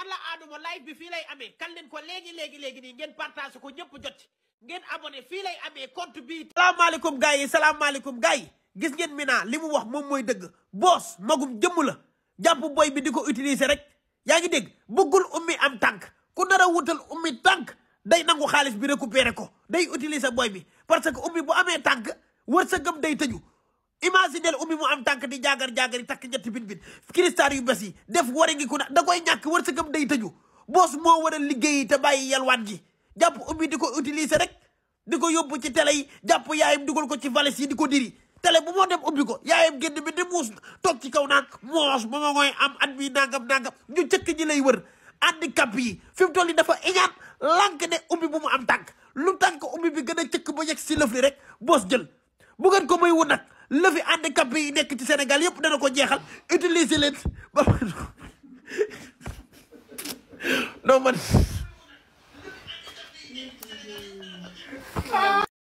alla aaduma live bi fii lay amee kan leen ko léegi léegi léegi nii ngeen partage ko ñëpp jot ngeen abonné fii lay amee compte bi salaamaaleykum gars yi salaamaaleykum gars yi gis ngeen Mina li mu wax moom mooy dëgg boos magum jëmm la jàpp boy bi di ko utiliser rek yaa ngi dégg bëggul ummi am tànk ku nar a wutal ummi tànk day nangu xaalis bi récupérer ko day utiliser boy bi parce que ummi bu amee tànk wërsëgam day tëju imaginel ummi mu am tànk di jaagar jaagar yi takk ñetti bit bit cristal yu bes yi def wari ngi ku na da koy ñàkk wërsëgam day tëju boos moo war a liggéey te bàyyi yalwaat gi jàpp ummi di ko utiliser rek di ko yóbbu ci tele yi jàpp yaayam dugal ko ci valise yi di ko diri télé bu moo dem ubbi ko yaayam génn bi di muus toog ci kaw naan moos ba ma mooy am at bi nangam nangam ñu cëkk ji lay wër handicap yi fi mu toll yi dafa iñaan lànk ne ummi bu mu am tànk lu tànk ummi bi gën a cëkk ba yegg si lëf li rek jël bu ngeen ko may wun nag levé handicapé yi nekk ci senegal yëpp dana ko jeexal utiliser leen ba non man